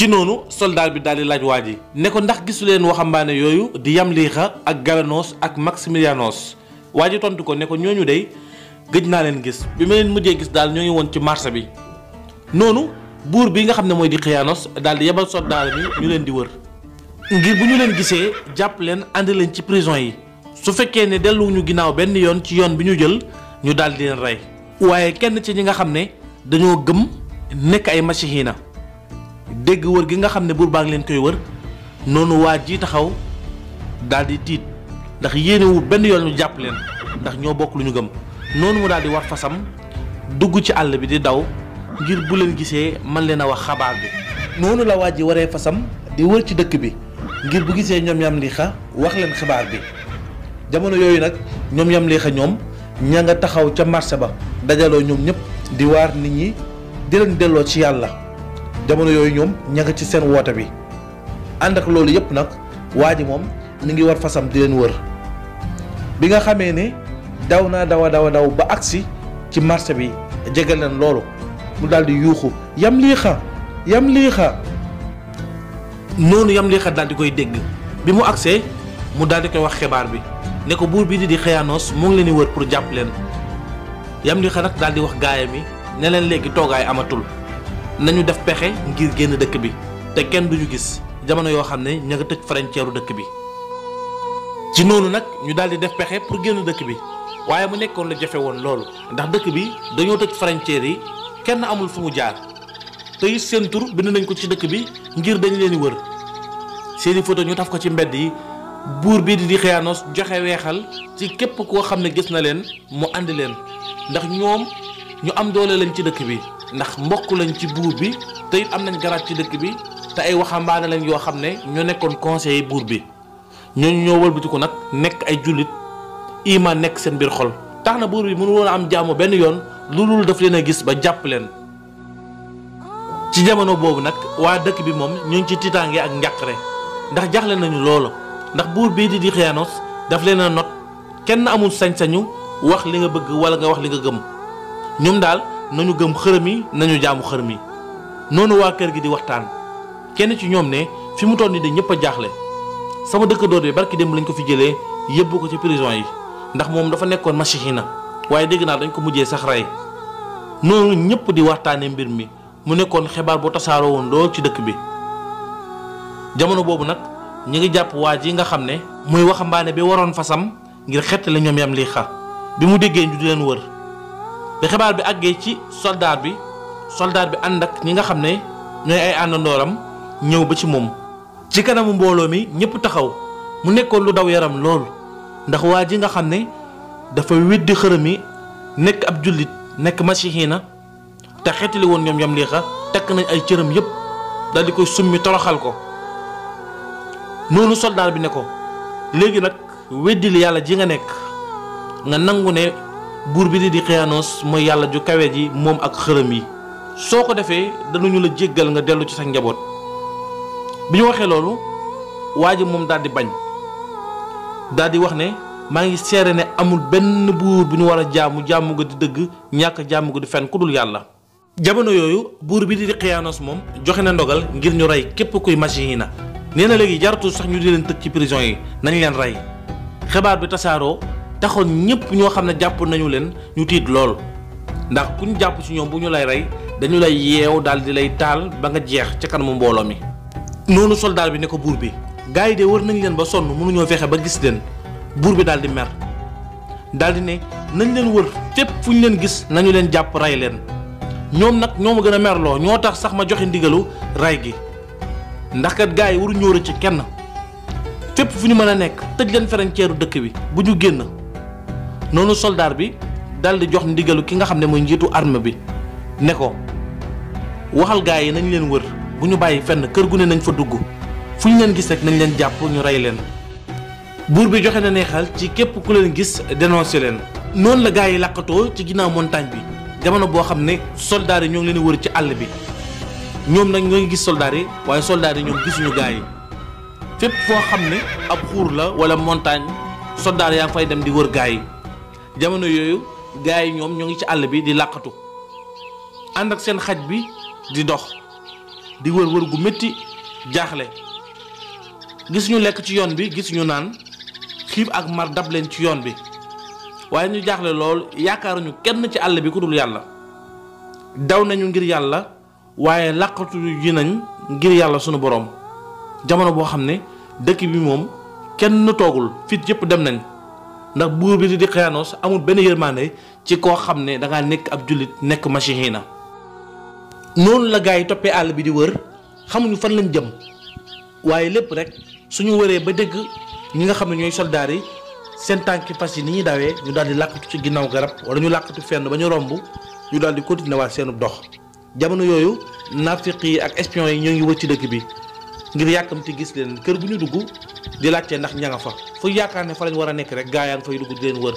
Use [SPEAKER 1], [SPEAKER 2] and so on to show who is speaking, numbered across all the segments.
[SPEAKER 1] ci noonu soldat bi daal di laaj waa ji ne ko ndax gisu leen waxambaane yooyu di Yamliixa ak Galanos ak Maximilianos waa ji tontu ko ne ko ñooñu dey gëj naa leen gis bi ma leen mujjee gis daal ñoo ngi woon ci marché bi noonu buur bi nga xam ne mooy di Xiyaanos daal di yebal soldat ñu leen di wër ngir bu ñu leen gisee jàpp leen àndi leen ci prison yi su fekkee ne delluwuñu ginnaaw benn yoon ci yoon bi ñu jël ñu daal di leen rey waaye kenn ci ñi nga xam ne dañoo gëm nekk ay masihiina dégg wër gi nga xam ne buur baa ngi leen koy wër noonu waa ji taxaw daal di tiit ndax yéenewul benn yoon ñu jàpp leen ndax ñoo bokk lu ñu gëm noonu mu daal di war fasam dugg ci àll bi di daw ngir bu leen gisee man leen a wax xabaar bi noonu la waa ji waree fasam di wër ci dëkk bi ngir bu gisee ñoom yam liixa wax leen xabaar bi jamono yooyu nag ñoom yam liixa ñoom ña nga taxaw ca marché ba dajaloo ñoom ñëpp di waar nit ñi di leen delloo ci yàlla jamono yooyu ñoom ña ci seen woote bi ànd ak loolu yëpp nag waa ji moom mi ngi war fasam di leen wër bi nga xamee ne daw naa dawa dawa daw ba agsi ci marché bi jege leen loolu mu daal di yuuxu yam lii xa yam lii xa noonu yam lii daal di koy dégg bi mu agsee mu daal di koy wax xibaar bi ne ko buur bi di di xëyaanoos mu ngi leen di wër pour jàpp leen yam lii xa nag daal di wax gaayam yi ne leen léegi toogaay amatul nañu def pexe ngir génn dëkk bi te kenn duñu gis jamono yoo xam ne ña nga tëj frontière dëkk bi ci noonu nag ñu daal di def pexe pour génn dëkk bi waaye mu nekkoon la jafe woon loolu ndax dëkk bi dañoo tëj frontière yi kenn amul fu mu jaar te it seen tur bind nañ ko ci dëkk bi ngir dañu leen di wër seeni photo ñu taf ko ci mbedd yi buur bi di di xiyaanos joxe weexal ci képp koo xam ne gis na leen mu àndi leen ndax ñoom ñu am doole lañ ci dëkk bi ndax mbokk lañ ci buur bi tey am nañ garaat ci dëkk bi te ay waxambaane lañ yoo xam ne ñoo nekkoon conseiller buur bi ñooñu ñoo wëlbatiku nag nekk ay jullit iman nekk seen biir xol tax na buur bi mënu a am jàmm benn yoon loolu daf leen a gis ba jàpp leen ci jamono boobu nag waa dëkk bi moom ñu ngi ci tiitaange ak njàqare ndax jaxle nañu loolu ndax buur bii di di Xiyaanos daf leen a not kenn amul sañ-sañu wax li nga bëgg wala nga wax li nga gëm ñoom nañu gëm xërëm yi nañu jaamu xërëm yi noonu waa kër gi di waxtaan kenn ci ñoom ne fi mu toll nii de ñëpp a jaaxle sama dëkkandoo bi barki démb lañ ko fi jëlee yóbbu ko ci prison yi ndax moom dafa nekkoon machihina waaye dégg naa dañ ko mujjee sax rey noonu ñëpp di waxtaanee mbir mi mu nekkoon xibaar bu tasaaroo woon lool ci dëkk bi jamono boobu nag ñu ngi jàpp waa ji nga xam ne muy waxambaane bi waroon fasam ngir xettali ñoom yam lii xa bi mu déggee ñu di leen bi xibaar bi àggee ci soldaar bi soldaar bi ànd ak ñi nga xam ne ñooy ay àndandooram ñëw ba ci moom ci kanamu mbooloo mi ñëpp taxaw mu nekkoon lu daw yaram lool ndax waa ji nga xam ne dafa weddi xërëm yi nekk ab jullit nekk masihiina te xeetali woon ñoom yam liixa takk nañ ay cëram yëpp dal di koy summi toroxal ko noonu soldaat bi ne ko léegi nag weddil yàlla ji nga nekk nga nangu ne buur bi di di mooy yàlla ju kawe ji moom ak xërëm yi soo ko defee danañu la jéggal nga dellu ci sa njaboot bi ñu waxee loolu waa ji moom daal di bañ daal di wax ne maa ngi seere ne amul benn buur bu ñu war a jaamu jaamu ko di dëgg ñàkk jaamu ko di fenn ku dul yàlla. jamono yooyu buur bi di di xiyaanos moom joxe na ndogal ngir ñu rey képp kuy machine yi na nee na léegi jaratul sax ñu di leen tëj ci prison yi nañu leen rey xibaar bi tasaaroo. taxoon ñëpp ñoo xam ne jàpp nañu leen ñu tiit lool ndax ku ñu jàpp ci ñoom bu ñu lay rey dañu lay yeew daal di lay taal ba nga jeex ca kanamu mbooloo mi. noonu soldaar bi ne ko buur bi gars yi de wër nañ leen ba sonn mënuñoo fexe ba gis leen buur bi daal di mer daal di ne nañ leen wër fépp fu ñu leen gis nañu leen jàpp rey leen ñoom nag ñoo ma gën a merloo ñoo tax sax ma joxe ndigalu rey gi ndax kat gars yi waru ñóora ci kenn fépp fu ñu mën a nekk tëj leen frontière dëkk bi bu ñu génn. noonu soldaar bi dal di jox ndigalu ki nga xam ne mooy njiitu arme bi ne ko waxal gaa yi nañ leen wër bu ñu bàyyi fenn kër gu ne nañ fa dugg fu ñu leen gis rek nañ leen jàpp ñu rey leen. buur bi joxe na neexal ci képp ku leen gis dénoncé leen. noonu la gaa yi làqatoo ci ginnaaw montagne bi jamono boo xam ne soldaar yi ñoo ngi leen wër ci àll bi ñoom nag ñoo gis soldaar yi waaye soldaar yi ñoom gisuñu gaa yi fépp foo xam ne ab xuur la wala montagne soldaar yaa dem di wër gaa yi. jamono yooyu gars yi ñoom ñoo ngi ci àll bi di làqatu ànd ak seen xaj bi di dox di wër wër gu metti jaaxle gisuñu lekk ci yoon bi gisuñu naan xiif ak mar dab leen ci yoon bi waaye ñu jaaxle lool yaakaaruñu kenn ci àll bi ku dul yàlla daw nañu ngir yàlla waaye làqatu ji nañ ngir yàlla sunu boroom jamono boo xam ne dëkk bi moom kenn toogul fit yëpp dem nañ ndax buur bi di Xeyanos amul benn yërmande ci koo xam ne da ngaa nekk ab jullit nekk na noonu la gaa yi toppee àll bi di wër xamuñu fan lañ jëm waaye lépp rek ñu waree ba dëgg ñi nga xam ne ñooy soldaar yi seen tànki fas yi ni ñuy dawee ñu daal di làqatu ci ginnaaw garab wala ñu làqatu fenn ba ñu romb ñu daal di continuer waat seenu dox jamono yooyu naafiq yi ak espion yi ñoo ngi wër ci dëkk bi ngir yàkkamti gis leen kër gu ñu dugg di laajte ndax ña nga fa fu yaakaar ne fa lañ war a nekk rek gaa yaa ngi fay dugg di leen wër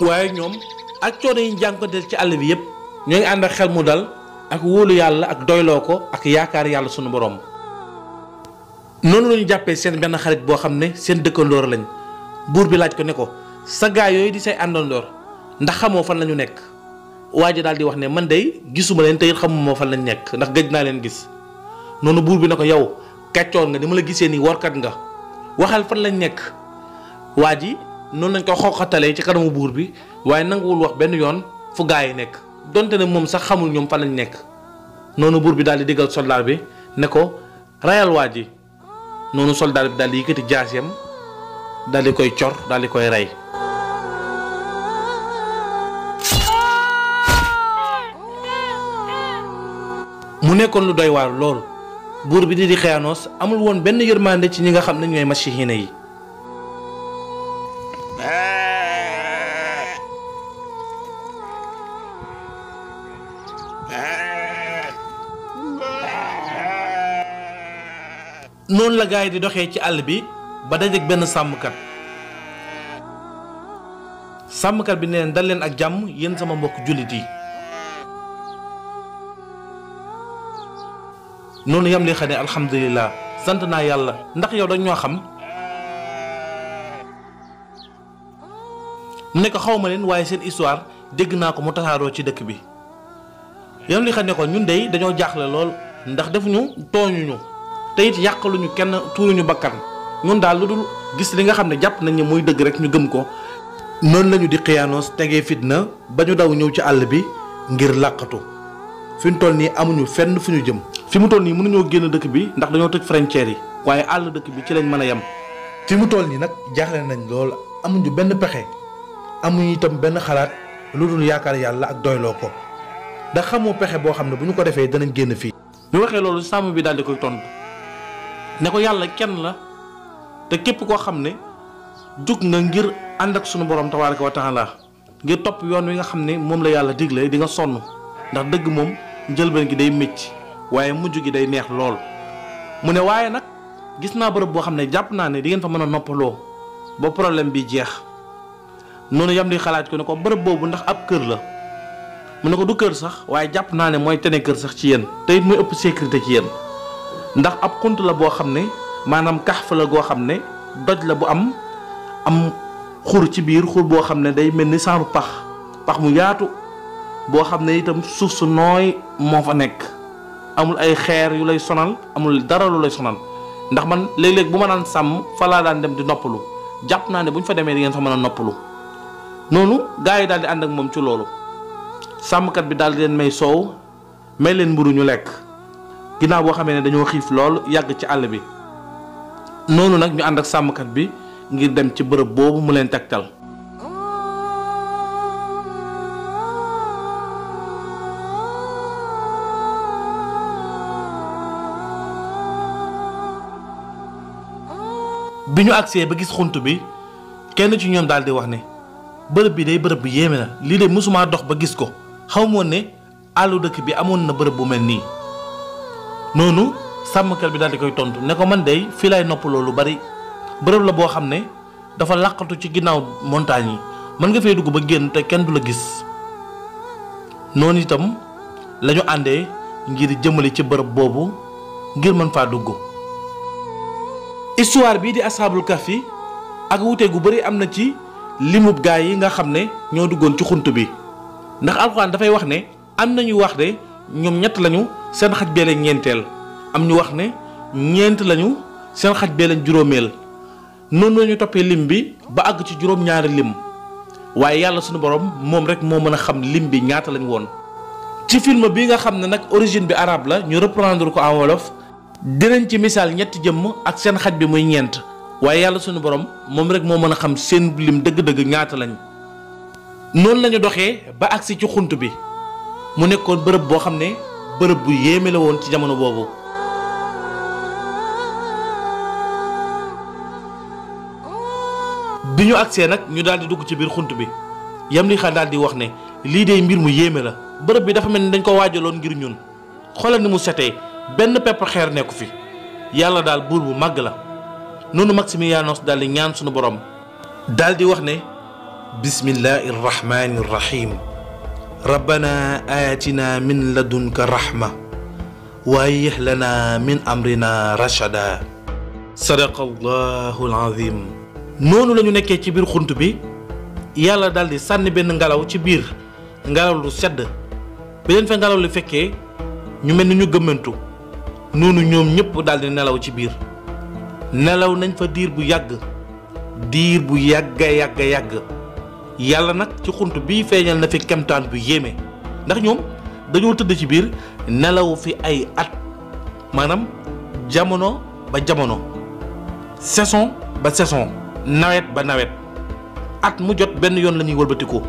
[SPEAKER 1] waaye ñoom ak coono yi ñu del ci àll bi yëpp ñoo ngi ànd ak xel mu dal ak wóolu yàlla ak doyloo ko ak yaakaar yàlla sunu boroom noonu la ñu jàppee seen benn xarit boo xam ne seen dëkkandoor lañ buur bi laaj ko ne ko sa gaa yooyu di say àndandoor ndax xamoo fan la ñu nekk waa ji daal di wax ne man de gisuma leen tey it fan lañ nekk ndax gëj naa leen gis noonu buur bi ne yow. kàccoor nga ni ma la gisee ni warkat nga waxal fan lañ nekk waa ji noonu lañ ko xoqatalee ci kanamu buur bi waaye nanguwul wax benn yoon fu gaa yi nekk donte ne moom sax xamul ñoom fan lañ nekk noonu buur bi daal di digal soldaar bi ne ko rayal waa ji noonu soldaar bi daal di yëkkati jaasiyam daal di koy cor daal di koy rey mu nekkoon lu doy waar loolu buur bi di di xiyaanos amul woon benn yërmande ci ñi nga xam ne ñooy masihiina yi noonu la gaay di doxee ci àll bi ba dajeek benn sàmmkat sàmmkat bi neen dal leen ak jàmm yéen sama mbokk jullit yi noonu yam li xam ne alhamdulilah sant naa yàlla ndax yow dañ ñoo xam mu ne ko leen waaye seen histoire dégg naa ko mu tasaaroo ci dëkk bi yam li xam ne ko ñun dey dañoo jaaxle lool ndax defuñu tooñuñu te it yàqaluñu kenn tuuruñu bakkan ñun daal lu dul gis li nga xam ne jàpp nañ ne muy dëgg rek ñu gëm ko noonu lañu di xiyaanoos tegee fitna ba ñu daw ñëw ci àll bi ngir làqatu fi ñu toll nii amuñu fenn fu ñu jëm. fi mu toll nii mënuñoo génn dëkk bi ndax dañoo tëj frontière yi waaye àll dëkk bi ci lañ mën a yem. fi mu toll nii nag jaaxle nañ lool amuñu benn pexe amuñu itam benn xalaat lu dul yaakaar yàlla ak doyloo ko da xamoo pexe boo xam ne bu ñu ko defee danañ génn fii. bi waxee loolu sàmm bi daal di koy tontu ne ko yàlla kenn la te képp koo xam ne jug nga ngir ànd ak sunu borom tabaaraka ko taala ngir topp yoon wi nga xam ne moom la yàlla digle di nga sonn ndax dëgg moom. njëlbeen gi day métti waaye mujj gi day neex lool mu ne waaye nag gis naa bërëb boo xam ne jàpp naa ne di ngeen fa mën a noppaloo boo problème bi jeex noonu yam di xalaat ko ne ko bërëb boobu ndax ab kër la mu ne ko du kër sax waaye jàpp naa ne mooy tene kër sax ci yéen te it muy ëpp sécurité ci yéen ndax ab xunt la boo xam ne maanaam kaxfa la goo xam ne doj la bu am am xur ci biir xur boo xam ne day mel ni saaru pax pax mu yaatu boo xam ne itam suuf su nooy moo fa nekk amul ay xeer yu lay sonal amul dara lu lay sonal ndax man léeg-léeg bu ma daan sàmm fa laa daan dem di noppalu jàpp naa ne bu ñu fa demee di fa mën a noppalu noonu gars yi daal di ànd ak moom ci loolu sàmmkat bi daal di leen may soow may leen mburu ñu lekk ginnaaw boo xamee ne dañoo xiif lool yàgg ci àll bi noonu nag ñu ànd ak sàmmkat bi ngir dem ci bërëb boobu mu leen tegtal. bi ñu agsee ba gis xunt bi kenn ci ñoom daal di wax ne bërëb bi day bërëb bi yéeme na lii de mësumaa dox ba gis ko xaw ma ne àllu dëkk bi amoon na bërëb bu mel nii noonu sàmmkat bi daal di koy tontu ne ko man day fii lay noppaloo lu bari bërëb la boo xam ne dafa laqatu ci ginnaaw montagne yi mën nga fee dugg ba génn te kenn du la gis noonu itam lañu àndee ngir jëmale ci bërëb boobu ngir mën faa dugg histoire bii di asxaabul kahfi ak wute gu bëri am na ci limub gaay yi nga xam ne ñoo duggoon ci xunt bi ndax alxuraan dafay wax ne am na ñu wax ne ñoom ñett lañu seen xaj bee lañ ñeenteel am ñu wax ne ñeent lañu seen xaj bee lañ juróomeel noonu nañu toppee lim bi ba àgg ci juróom-ñaari lim waaye yàlla suñu borom moom rek moo mën a xam lim bi ñaata lañu woon. ci film bi nga xam ne nag origine bi arabe la ñu reprendre ko en wolof dinañ ci misaal ñetti jëmm ak seen xaj bi muy ñeent waaye yàlla sunu boroom moom rek moo mën a xam seen lim dëgg-dëgg ñaata lañ noonu lañu doxee ba agsi ci xunt bi mu nekkoon bërëb boo xam ne bërëb bu yéeme la woon ci jamono boobu bi ñu agsee nag ñu daal di dugg ci biir xunt bi yam li xaa daal di wax ne lii de mbir mu yéeme la bërëb bi dafa mel ni dañ ko waajaloon ngir ñun xoolal ni mu setee benn pepp xeer nekku fi yàlla daal buur bu màgg la noonu Maximilianos daal di ñaan sunu borom dal di wax ne bismillahi irrahmani irrahim rabbana aatina min ladunka rahma waaye yëx lana min amrina rachada sadaqa allahu alazim noonu la ñu nekkee ci biir xunt bi yàlla dal di sànni benn ngelaw ci biir ngelaw lu sedd beneen fa ngelaw li fekkee ñu mel ni ñu gëmmantu noonu ñoom ñëpp daal di nelaw ci biir nelaw nañ fa diir bu yàgg diir bu yàgga yàgga yàgg yàlla nag ci xunt bi feeñal na fi kemtaan bu yéeme ndax ñoom dañoo tëdd ci biir nelaw fi ay at maanaam jamono ba jamono saison ba saison nawet ba nawet at mu jot benn yoon lañuy ñuy wëlbatikoo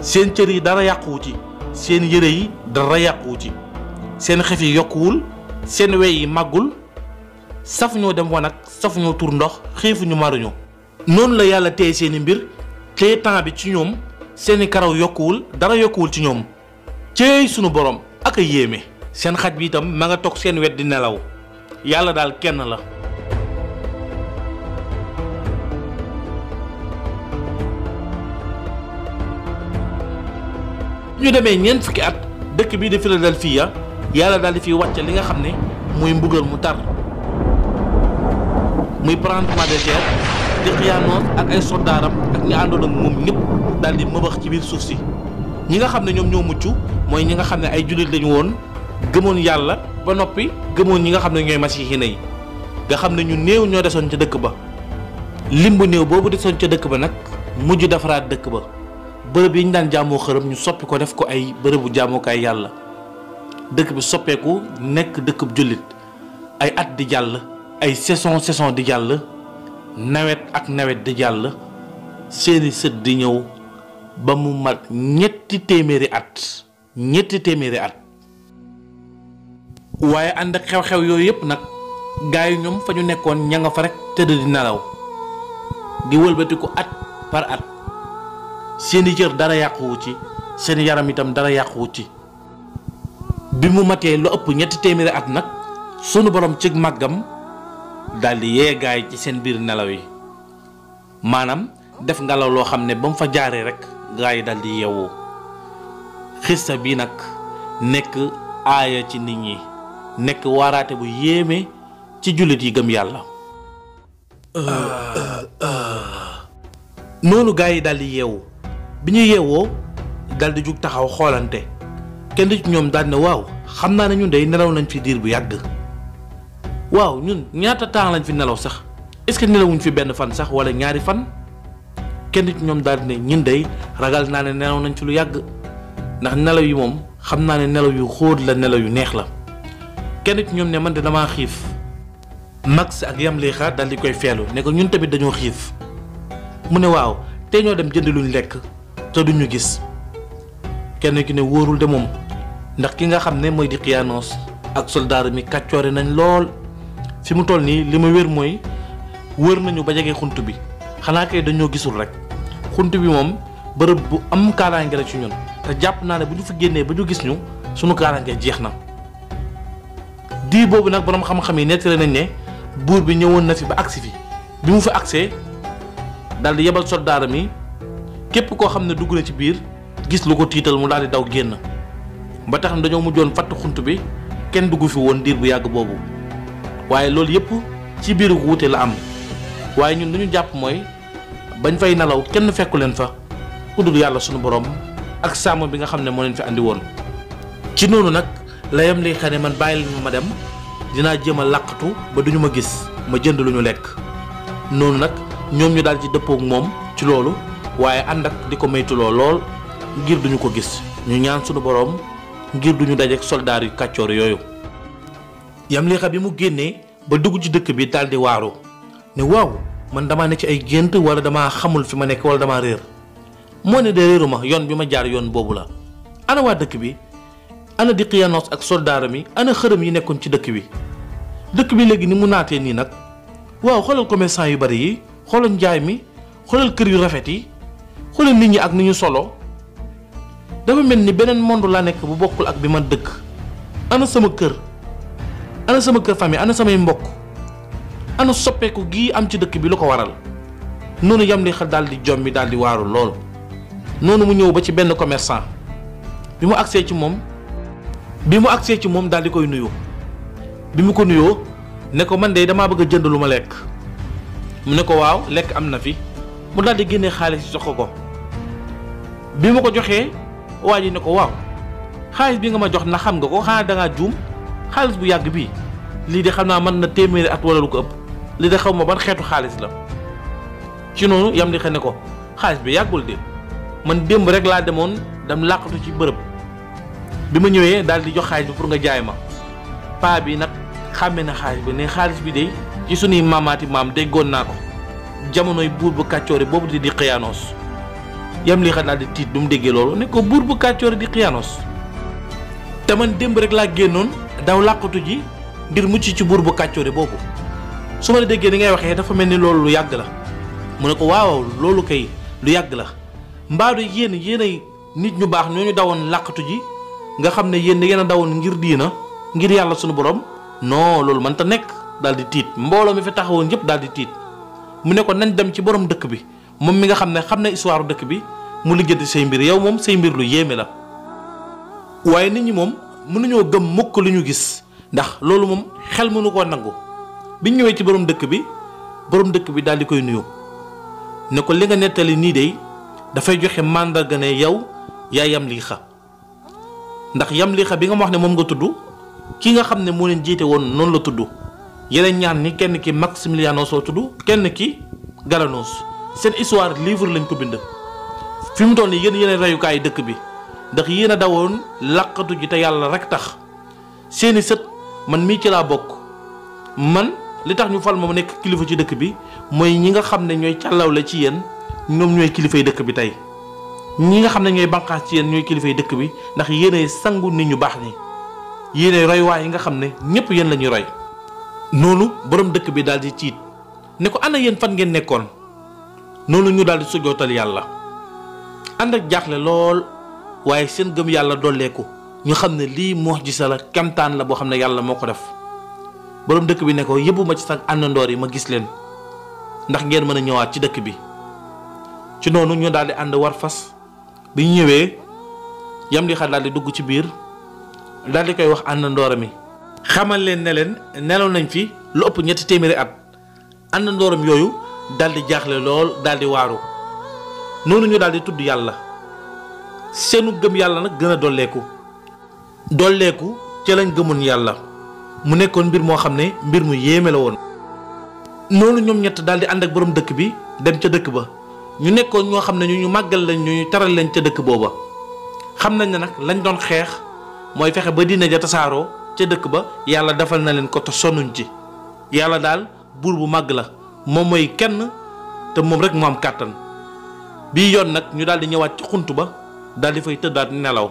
[SPEAKER 1] seen cër yi dara yàquwu ci seen yëre yi dara yàquwu ci seen xef yi yokkuwul seen we yi màggul saf ñoo dem wanag saf ñoo tur ndox xiifuñu maruñu noonu la yàlla téye seeni mbir téye temps bi ci ñoom seeni karaw yokkuwul dara yokkuwul ci ñoom céey sunu boroom ak a yéeme seen xaj bi itam ma nga toog seen wet di nelaw yàlla daal kenn la ñu demee ñeent fukki at dëkk bii di Philadelphia yàlla daal di fi wàcce li nga xam ne muy mbugal mu tar muy prendement de terre di Xiyaanos ak ay soldaaram ak ñi àndoon ak moom ñëpp daal di mëbax ci biir suuf si ñi nga xam ne ñoom ñoo mucc mooy ñi nga xam ne ay jullit lañu woon gëmoon yàlla ba noppi gëmoon ñi nga xam ne ñooy masixiina yi nga xam ne ñu néew ñoo desoon ca dëkk ba lim néew boobu desoon ca dëkk ba nag mujj defaraat dëkk ba bërëb yi ñu daan jaamoo xërëm ñu soppi ko def ko ay bërëbu jaamukaay yàlla dëkk bi soppeeku nekk dëkkub jullit ay at di jàll ay saison saison di jàll nawet ak nawet di jàll seeni sët di ñëw ba mu mag ñetti téeméeri at waaye ànd ak xew-xew yooyu yëpp nag gaa yi ñoom fa ñu nekkoon ña nga fa rek tëdd di nelaw di wëlbatiku at par at seeni jër dara yàquwu ci seen yaram itam dara yàquwu ci bi mu matee lu ëpp ñetti téeméeri at nag sunu borom cig màggam daldi yeegaay ci seen biir nelaw yi maanaam def ngelaw loo xam ne ba mu fa jaaree rek gaa yi daldi yeewoo xista bi nag nekk aaya ci nit ñi nekk waraate bu yéeme ci jullit yi gëm yàlla noonu gaa yi daldi yeewu bi ñu yeewoo daldi jug taxaw xoolante kenn ci ñoom daal ne waaw xam naa ne ñun day nelaw nañ fi diir bu yàgg waaw ñun ñaata temps lañ fi nelaw sax est-ce que nelawuñ fi benn fan sax wala ñaari fan kenn ci ñoom daal ne ñun day ragal naa ne nelaw nañ fi lu yàgg ndax nelaw yi moom xam naa ne nelaw yu xóot la nelaw yu neex la kenn ci ñoom ne man de damaa xiif max ak yam lii xaar daal koy feelu nekk ñun tamit dañoo xiif mu ne waaw te ñoo dem jënd luñ lekk te duñu gis kenn ki ne wóorul de moom ndax ki nga xam ne mooy di Xiyaanos ak soldaar mi kàccoore nañ lool fi mu toll nii li ma wér mooy wër nañu ba jege xunt bi xanaa kay dañoo gisul rek xunt bi moom bërëb bu am kaaraange la ci ñun te jàpp naa ne bu ñu fi génnee ba ñu gis ñu sunu kaaraange jeex na. dii boobu nag borom xam-xam yi nettali nañ ne buur bi ñëwoon na fi ba agsi fi bi mu fi agsee daal di yebal soldaar mi képp koo xam ne dugg na ci biir gis lu ko tiital mu daal daw génn. ba tax na dañoo mujjoon fatt xunt bi kenn dugg fi woon diir bu yàgg boobu waaye loolu yëpp ci biiru wuute la am waaye ñun dañu jàpp mooy bañ fay nalaw kenn fekku leen fa ku dul yàlla sunu borom ak sàmm bi nga xam ne moo leen fi andi woon. ci noonu nag la yam li xane man bàyyil leen ma dem dinaa jéem a làqatu ba duñu ma gis ma jënd lu ñu lekk noonu nag ñoom ñu daal ci dëppook moom ci loolu waaye ànd ak di ko moytuloo lool ngir duñu ko gis ñu ñaan sunu borom. ngir duñu dajeek soldaar yu kàccoor yooyu Yamlixa bi mu génnee ba dugg ci dëkk bi daal waaru ne waaw man damaa ne ci ay gént wala damaa xamul fi ma nekk wala damaa réer moo ne de réeru ma yoon bi ma jaar yoon boobu la ana waa dëkk bi ana Dqiyanos ak soldaaram yi ana xërëm yi nekkoon ci dëkk bi dëkk bi léegi ni mu naatee nii nag waaw xoolal commerçant yu bari yi xoolal njaay mi xoolal kër yu rafet yi xoolal nit ñi ak ni ñu solo dafa mel ni beneen monde laa nekk bu bokkul ak bi ma dëkk ana sama kër ana sama kër famille ana samay mbokk ana soppeeku gii am ci dëkk bi lu ko waral noonu yam li xel daal di jommi daal di waaru lool noonu mu ñëw ba ci benn commerçant bi mu agsee ci moom bi mu agsee ci moom daal di koy nuyu bi mu ko nuyoo ne ko man de damaa bëgg a jënd lu ma lekk mu ne ko waaw lekk am na fi mu daal di génnee xaalis jox ko ko bi mu ko joxee. waa ji ne ko waaw xaalis bi nga ma jox na xam nga ko xanaa dangaa juum xaalis bu yàgg bii lii de xam naa mën na téeméeri at wala ko ëpp lii de xaw ma ban xeetu xaalis la ci noonu yam di xe ne ko xaalis bi yàggul de man démb rek laa demoon dam làqatu ci bërëb bi ma ñëwee daal di jox xaalis bi pour nga jaay ma paa bi nag xàmme na xaalis bi ne xaalis bi de ci sunuy maamaati maam déggoon naa ko jamonoy buur bu kàccoori boobu di di xëyaanoos yam li xat daal di tiit du mu déggee loolu ne ko buur bu kàccoor di xiyaanos te man démb rek laa génnoon daw làqatu ji ngir mucc ci buur bu kàccoor boobu su ma la déggee ni ngay waxee dafa mel ni loolu lu yàgg la mu ne ko waaw loolu kay lu yàgg la mbaado yéen yéen ay nit ñu baax ñooñu dawoon làqatu ji nga xam ne yéen yéen a dawoon ngir diina ngir yàlla sunu borom noo loolu mën ta nekk daal di tiit mbooloo mi fi taxawoon yëpp daal di tiit mu ne ko nañ dem ci borom dëkk bi moom mi nga xam ne xam na histoire dëkk bi mu lijjanti say mbir yow moom say mbir lu yéeme la waaye nit ñi moom mënuñoo gëm mukk lu ñu gis ndax loolu moom xel mënu koo nangu biñ ñëwee ci borom dëkk bi borom dëkk bi daal di koy nuyu ne ko li nga nettali nii de dafay joxe màndarga ne yow yaa yam lii xa ndax yam lii bi nga wax ne moom nga tudd kii nga xam ne moo leen jiite woon noonu la tudd yeneen ñaan ni kenn ki Maximiliano soo tudd kenn ki Galanos seen histoire livre lañ ko bind fi mu toll nii yéen yeneen reyukaay dëkk bi ndax yéen a dawoon làqatu ji te yàlla rek tax seeni sët man mii ci laa bokk man li tax ñu fal ma nekk kilifa ci dëkk bi mooy ñi nga xam ne ñooy càllaw la ci yéen ñoom ñooy kilifay dëkk bi tey ñi nga xam ne ñooy banqaas ci yéen ñooy kilifay dëkk bi ndax yéenay sangu nit ñu baax ni yéenay reyuwaay yi nga xam ne ñëpp yéen lañuy rey roy noonu borom dëkk bi daal di ciit ne ko ana yéen fan ngeen nekkoon noonu ñu daal di sujootal yàlla ànd ak jaaxle lool waaye seen gëm yàlla dolleeku ñu xam ne lii mujisa la kemtaan la boo xam ne yàlla moo ko def boroom dëkk bi ne ko yëbbu ma ci sax àndandoor yi ma gis leen ndax ngeen mën a ñëwaat ci dëkk bi ci noonu ñu daal di ànd war fas bi ñu ñëwee yam di xar dugg ci biir daal di koy wax àndandoora mi xamal leen ne leen nelaw nañ fi lu ëpp ñetti téeméeri at àndandooram yooyu dal di jaaxle lool dal di waaru noonu ñu daal di tudd yàlla seenu gëm yàlla nag gën a dolleeku dolleeku ca lañ gëmoon yàlla mu nekkoon mbir moo xam ne mbir mu yéeme la woon noonu ñoom ñett daal di ànd ak borom dëkk bi dem ca dëkk ba ñu nekkoon ñoo xam ne ñu ñu màggal lañ ñu taral lañ ca dëkk booba xam nañ ne nag lañ doon xeex mooy fexe ba diine ja tasaaroo ca dëkk ba yàlla defal na leen ko sonuñ ci yàlla daal buur bu màgg la moom mooy kenn te moom rek moo am kàttan bii yoon nag ñu daal di ñëwaat ci xunt ba daal di fay tëddaat nelaw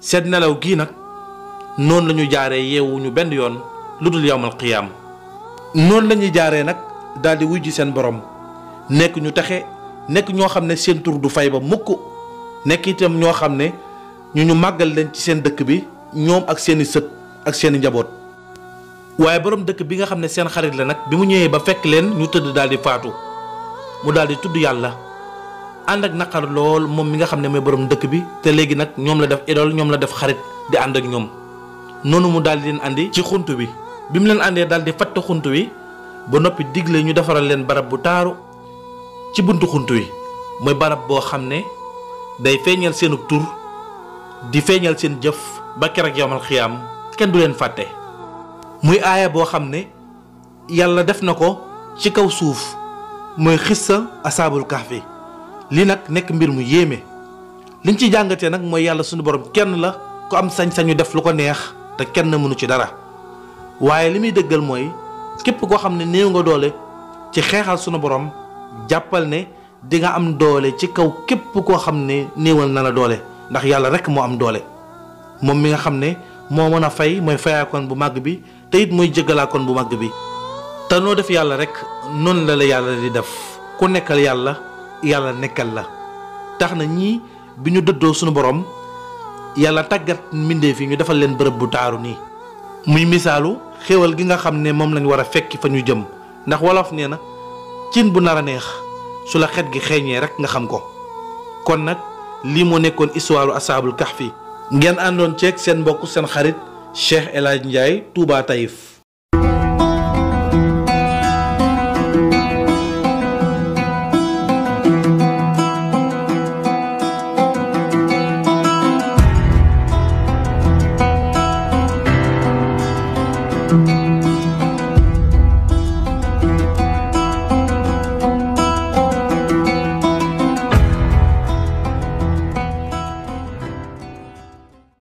[SPEAKER 1] seen nelaw gii nag noon lañu ñu jaaree yeewuñu benn yoon lu dul yowmal qiyaam noonu la ñuy jaaree nag daal di wujji seen borom nekk ñu taxe nekk ñoo xam ne seen tur du fay ba mukk nekk itam ñoo xam ne ñu ñu màggal leen ci seen dëkk bi ñoom ak seeni sët ak seeni njaboot waaye borom dëkk bi nga xam ne seen xarit la nag bi mu ñëwee ba fekk leen ñu tëdd daal di faatu mu daal di tudd yàlla ànd ak naqar lool moom mi nga xam ne mooy boroom dëkk bi te léegi nag ñoom la def idol ñoom la def xarit di ànd ak ñoom noonu mu daal di leen andi ci xunt bi bi mu leen àndee daal di fatt xunt wi ba noppi digle ñu defaral leen barab bu taaru ci buntu xunt wi mooy barab boo xam ne day feeñal seenub tur di feeñal seen jëf ba keroog yawmal xiyaam kenn du leen fàtte muy aaya boo xam ne yàlla def na ko ci kaw suuf mooy xis sa asaabul kahfi li nag nekk mbir mu yéeme liñ ci jàngatee nag mooy yàlla suñu borom kenn la ku am sañ-sañu def lu ko neex te kenn mënu ci dara waaye li muy dëggal mooy képp koo xam ne néew nga doole ci xeexal sunu boroom jàppal ne dinga am doole ci kaw képp koo xam ne néewal na la doole ndax yàlla rek moo am doole moom mi nga xam ne moo mën a fay mooy fayaakoon bu màgg bi te it mooy jëggalaakoon bu màgg bi te noo def yàlla rek noonu la la yàlla di def ku nekkal yàlla yàlla nekkal la tax na ñii bi ñu dëddoo suñu boroom yàlla tàggat mbindeef yi ñu defal leen bërëb bu taaru nii muy misaalu xéewal gi nga xam ne moom lañ war a fekki fa ñu jëm ndax wolof nee na cin bu nar a neex su la xet gi xeeñee rek nga xam ko kon nag lii moo nekkoon histoire asaabul kahfi ngeen àndoon ceeg seen mbokk seen xarit Cheikh El Hadj Ndiaye Touba Taïf